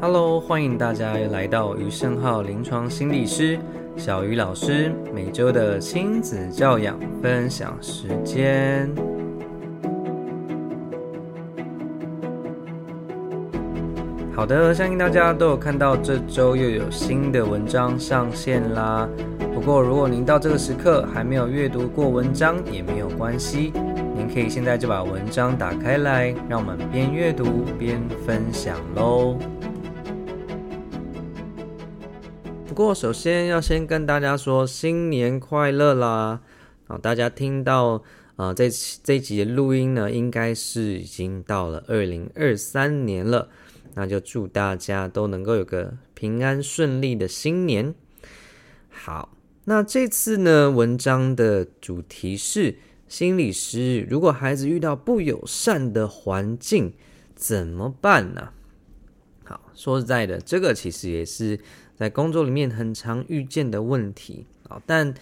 Hello，歡迎大家來到余勝皓臨床心理師小魚老師每週的親子教養分享時間。好的，相信大家都有看到這週又有新的文章上線啦。不過如果您到這個時刻還沒有閱讀過文章，也沒有關係，您可以現在就把文章打開來，讓我們邊閱讀邊分享嘍。不過，首先要先跟大家說新年快樂啦！好，大家聽到啊、呃、這這集的錄音呢，應該是已經到了二零二三年了，那就祝大家都能夠有個平安順利的新年。好，那這次呢，文章的主題是心理師，如果孩子遇到不友善的環境，怎麼辦呢？好，說實在的，這個其實也是。在工作裡面很常遇見的問題啊，但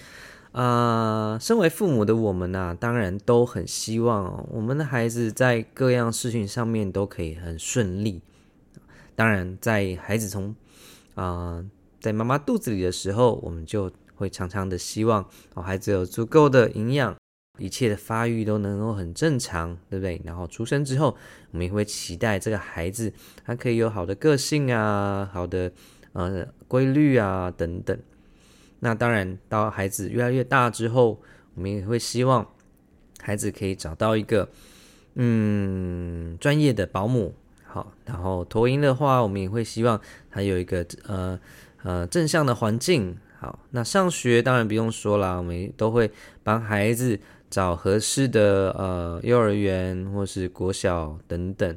呃，身為父母的我們呢、啊，當然都很希望我們的孩子在各樣事情上面都可以很順利。當然，在孩子從啊、呃、在媽媽肚子裡的時候，我們就會常常的希望哦，孩子有足夠的營養，一切的發育都能夠很正常，對不對？然後出生之後，我們也會期待這個孩子他可以有好的個性啊，好的。呃，規律啊，等等。那當然，到孩子越來越大之後，我們也會希望孩子可以找到一個嗯專業的保姆。好，然後托嬰的話，我們也會希望他有一個呃呃正向的環境。好，那上學當然不用說啦，我們都會幫孩子找合適的呃幼兒園或是國小等等。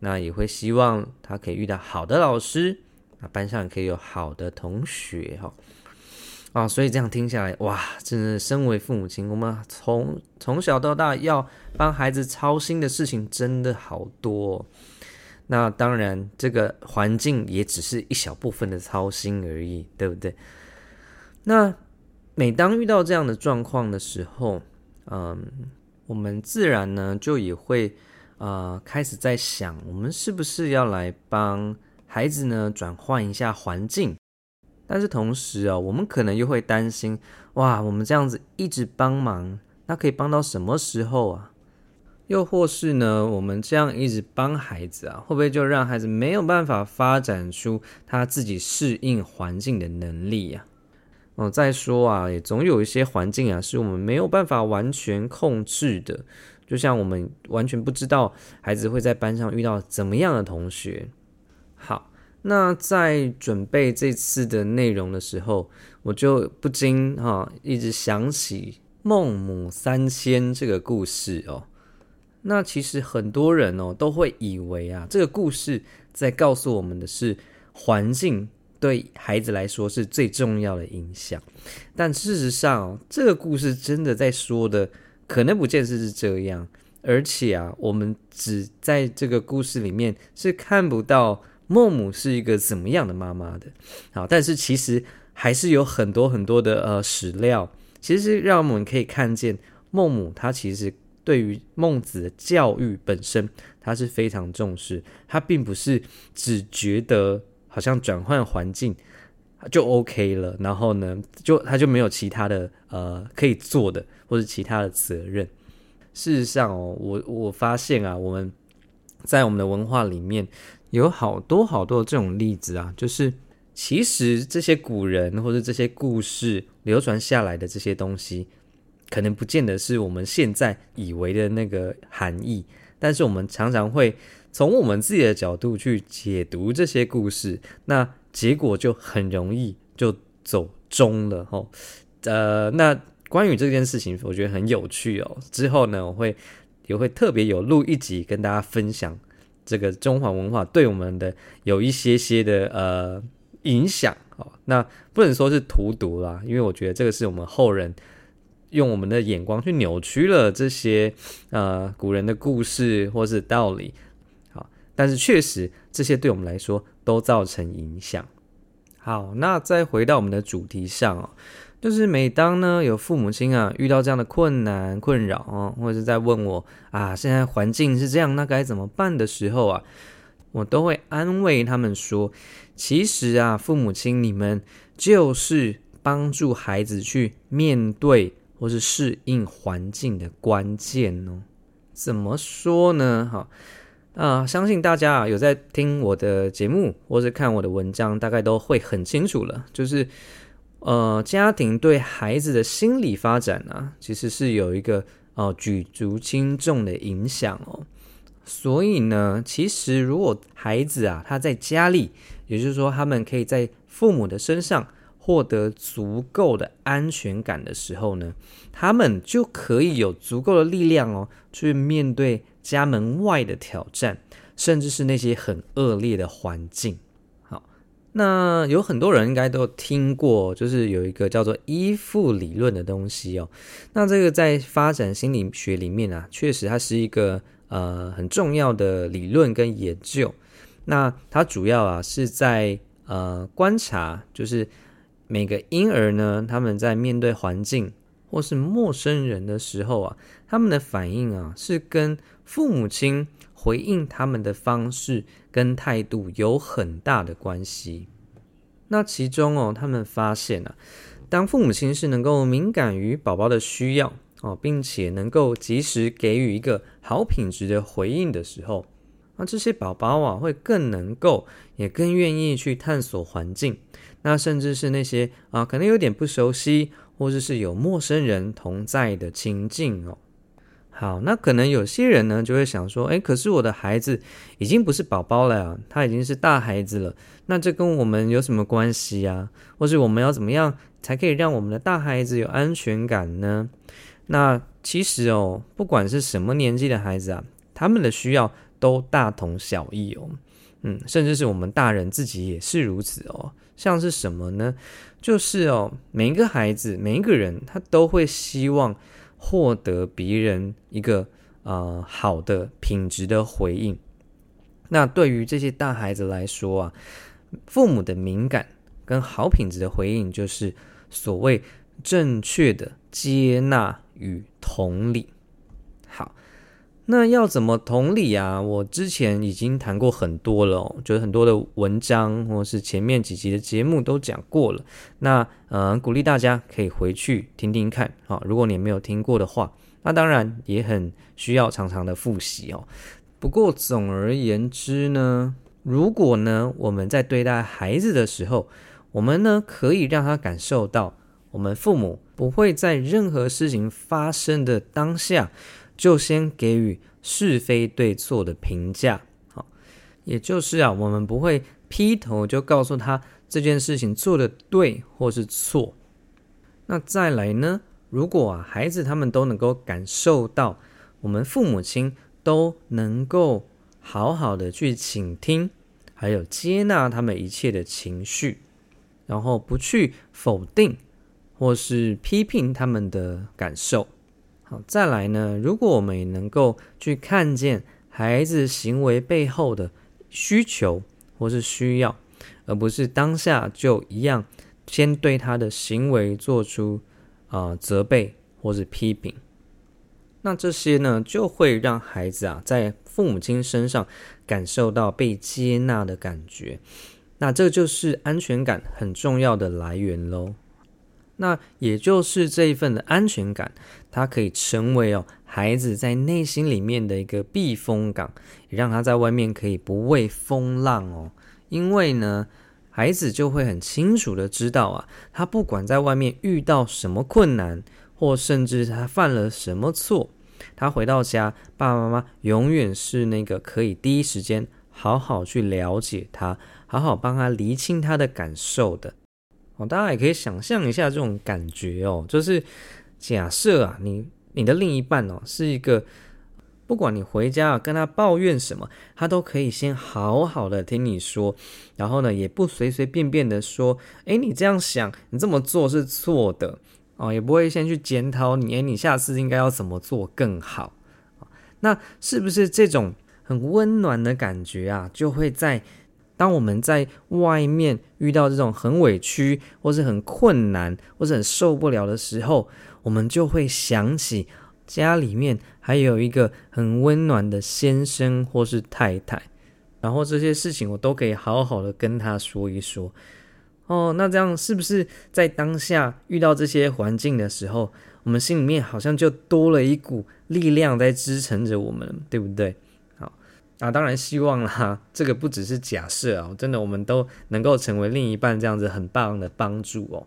那也會希望他可以遇到好的老師。啊，班上可以有好的同學哈、哦，啊，所以這樣聽下來，哇，真的，身為父母親，我們從從小到大要幫孩子操心的事情真的好多、哦。那當然，這個環境也只是一小部分的操心而已，對不對？那每當遇到這樣的狀況的時候，嗯，我們自然呢就也會啊、呃、開始在想，我們是不是要來幫。孩子呢，轉換一下環境，但是同時啊、哦，我們可能又會擔心，哇，我們這樣子一直幫忙，那可以幫到什麼時候啊？又或是呢，我們這樣一直幫孩子啊，會不會就讓孩子沒有辦法發展出他自己適應環境的能力呀、啊？哦，再說啊，也總有一些環境啊，是我們沒有辦法完全控制的，就像我們完全不知道孩子會在班上遇到怎麼樣的同學。好，那在準備這次的內容的時候，我就不禁哈、哦、一直想起孟母三遷這個故事哦。那其實很多人哦都會以為啊，這個故事在告訴我們的是環境對孩子來說是最重要的影響。但事實上、哦，這個故事真的在說的可能不見得是這樣，而且啊，我們只在這個故事裡面是看不到。孟母是一個怎麼樣的媽媽的？好，但是其實還是有很多很多的呃史料，其實讓我們可以看見孟母她其實對於孟子的教育本身，她是非常重視。她並不是只覺得好像轉換環境就 OK 了，然後呢，就她就沒有其他的呃可以做的，或是其他的責任。事實上哦，我我發現啊，我們在我們的文化裡面。有好多好多這種例子啊，就是其實這些古人或者這些故事流傳下來的這些東西，可能不見得是我們現在以為的那個含義，但是我們常常會從我們自己的角度去解讀這些故事，那結果就很容易就走鐘了哦。呃，那關於這件事情，我覺得很有趣哦。之後呢，我會也會特別有錄一集跟大家分享。這個中華文化對我們的有一些些的呃影響哦，那不能說是荼毒啦，因為我覺得這個是我們後人用我們的眼光去扭曲了這些呃古人的故事或是道理，好，哦，但是確實這些對我們來說都造成影響。好，那再回到我們的主題上哦。就是每當呢有父母親啊遇到這樣的困難困擾啊哦，或者是在問我啊，現在環境是這樣，那該怎麼辦的時候啊，我都會安慰他們說，其實啊，父母親你們就是幫助孩子去面對或是適應環境的關鍵哦。怎麼說呢？哈啊，相信大家有在聽我的節目或是看我的文章，大概都會很清楚了，就是。呃，家庭對孩子的心理發展啊，其實是有一個哦、呃、舉足輕重的影響哦。所以呢，其實如果孩子啊，他在家裡，也就是說，他們可以在父母的身上獲得足夠的安全感的時候呢，他們就可以有足夠的力量哦，去面對家門外的挑戰，甚至是那些很惡劣的環境。那有很多人應該都聽過，就是有一個叫做依附理論的東西哦。那這個在發展心理學裡面啊，確實它是一個呃很重要的理論跟研究。那它主要啊是在呃觀察，就是每個嬰兒呢，他們在面對環境或是陌生人的時候啊，他們的反應啊是跟父母親。回應他們的方式跟態度有很大的關係。那其中哦，他們發現了、啊，當父母親是能夠敏感於寶寶的需要哦，並且能夠及時給予一個好品質的回應的時候，那、啊、這些寶寶啊，會更能夠，也更願意去探索環境。那甚至是那些啊，可能有點不熟悉，或者是，是有陌生人同在的情境哦。好，那可能有些人呢就會想說，誒，可是我的孩子已經不是寶寶了啊，他已經是大孩子了，那這跟我們有什麼關係啊？或是我們要怎麼樣才可以讓我們的大孩子有安全感呢？那其實哦，不管是什麼年紀的孩子啊，他們的需要都大同小異哦。嗯，甚至是我們大人自己也是如此哦。像是什麼呢？就是哦，每一個孩子，每一個人，他都會希望。獲得別人一個呃好的品質的回應，那對於這些大孩子來說啊，父母的敏感跟好品質的回應就是所謂正確的接納與同理。好。那要怎麼同理啊？我之前已經談過很多了，哦，就是很多的文章，或是前面幾集的節目都講過了。那呃，鼓勵大家可以回去聽聽看啊，哦。如果你沒有聽過的話，那當然也很需要常常的複習哦。不過總而言之呢，如果呢我們在對待孩子的時候，我們呢可以讓他感受到，我們父母不會在任何事情發生的當下，就先給予是非對錯的評價，好，也就是啊，我們不會劈頭就告訴他這件事情做得對或是錯。那再來呢，如果啊孩子他們都能夠感受到，我們父母親都能夠好好的去傾聽，還有接納他們一切的情緒，然後不去否定或是批評他們的感受。好，再來呢，如果我們也能夠去看見孩子行為背後的需求或是需要，而不是當下就一樣先對他的行為做出啊、呃、責備或是批評，那這些呢就會讓孩子啊在父母親身上感受到被接納的感覺，那這就是安全感很重要的來源嘍。那也就是這一份的安全感，它可以成為哦孩子在內心裡面的一個避風港，也讓他在外面可以不畏風浪哦。因為呢，孩子就會很清楚的知道啊，他不管在外面遇到什麼困難，或甚至他犯了什麼錯，他回到家，爸爸媽媽永遠是那個可以第一時間好好去了解他，好好幫他釐清他的感受的。哦，大家也可以想象一下這種感覺哦，就是假設啊，你你的另一半哦是一個，不管你回家跟他抱怨什麼，他都可以先好好的聽你說，然後呢也不隨隨便便的說，哎，你這樣想，你這麼做是錯的，哦也不會先去檢討你，哎，你下次應該要怎麼做更好，哦，那是不是這種很溫暖的感覺啊，就會在。當我們在外面遇到這種很委屈，或是很困難，或是很受不了的時候，我們就會想起家裡面還有一個很溫暖的先生或是太太，然後這些事情我都可以好好的跟他說一說。哦，那這樣是不是在當下遇到這些環境的時候，我們心裡面好像就多了一股力量在支撐着我們，對不對？啊，當然希望啦、啊！這個不只是假設哦、啊，真的，我們都能夠成為另一半這樣子很棒的幫助哦。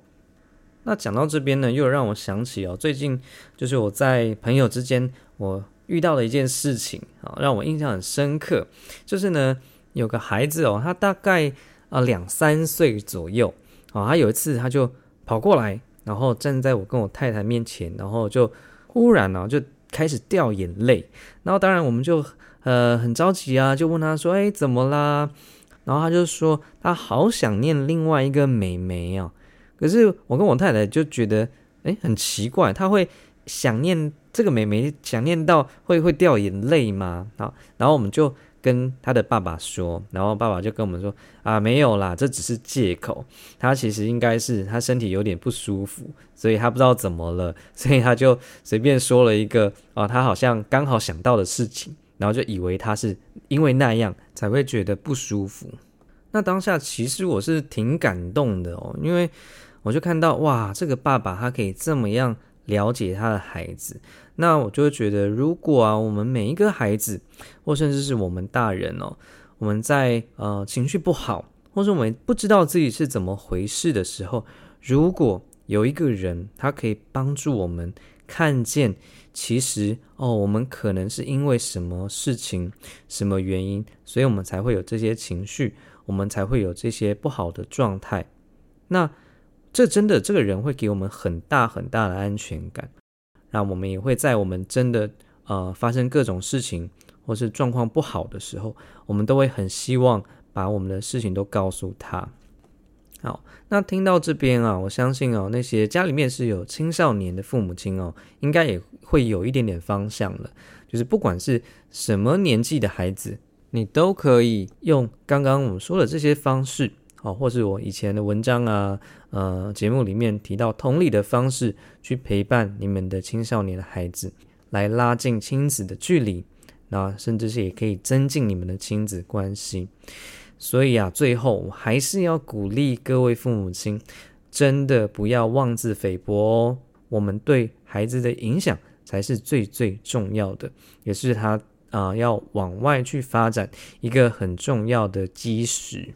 那講到這邊呢，又讓我想起哦，最近就是我在朋友之間我遇到了一件事情啊、哦，讓我印象很深刻。就是呢，有個孩子哦，他大概啊、呃、兩三歲左右啊、哦，他有一次他就跑過來，然後站在我跟我太太面前，然後就忽然呢、啊、就開始掉眼淚，然後當然我們就。呃，很着急啊，就問他說：“哎，怎麼啦？”然後他就說：“他好想念另外一個妹妹啊、哦。”可是我跟我太太就覺得，哎，很奇怪，他會想念這個妹妹，想念到會會掉眼淚嗎？然後，然後我們就跟他的爸爸說，然後爸爸就跟我們說：“啊，沒有啦，這只是借口。他其實應該是他身體有點不舒服，所以他不知道怎麼了，所以他就隨便說了一個啊，他好像剛好想到的事情。”然後就以為他是因為那樣才會覺得不舒服。那當下其實我是挺感動的哦，因為我就看到哇，這個爸爸他可以這麼樣了解他的孩子。那我就會覺得，如果啊，我們每一個孩子，或甚至是我們大人哦，我們在呃情緒不好，或是我們不知道自己是怎麼回事的時候，如果有一個人他可以幫助我們。看見，其實哦，我們可能是因為什麼事情、什麼原因，所以我們才會有這些情緒，我們才會有這些不好的狀態。那這真的，這個人會給我們很大很大的安全感。那我們也會在我們真的呃發生各種事情或是狀況不好的時候，我們都會很希望把我們的事情都告訴他。好，那聽到這邊啊，我相信哦，那些家裡面是有青少年的父母親哦，應該也會有一點點方向了。就是不管是什麼年紀的孩子，你都可以用剛剛我們說的這些方式，好，哦，或是我以前的文章啊，呃，節目裡面提到同理的方式，去陪伴你們的青少年的孩子，來拉近親子的距離，那甚至是也可以增進你們的親子關係。所以啊，最後我還是要鼓勵各位父母親，真的不要妄自菲薄哦。我們對孩子的影響才是最最重要的，也是他啊、呃、要往外去發展一個很重要的基石。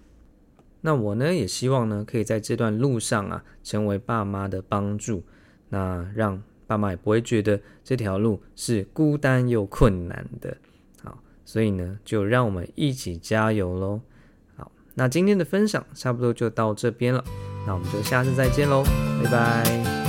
那我呢，也希望呢，可以在這段路上啊，成為爸媽的幫助，那讓爸媽也不會覺得這條路是孤單又困難的。好，所以呢，就讓我們一起加油嘍！那今天的分享差不多就到這邊了，那我們就下次再見嘍，拜拜。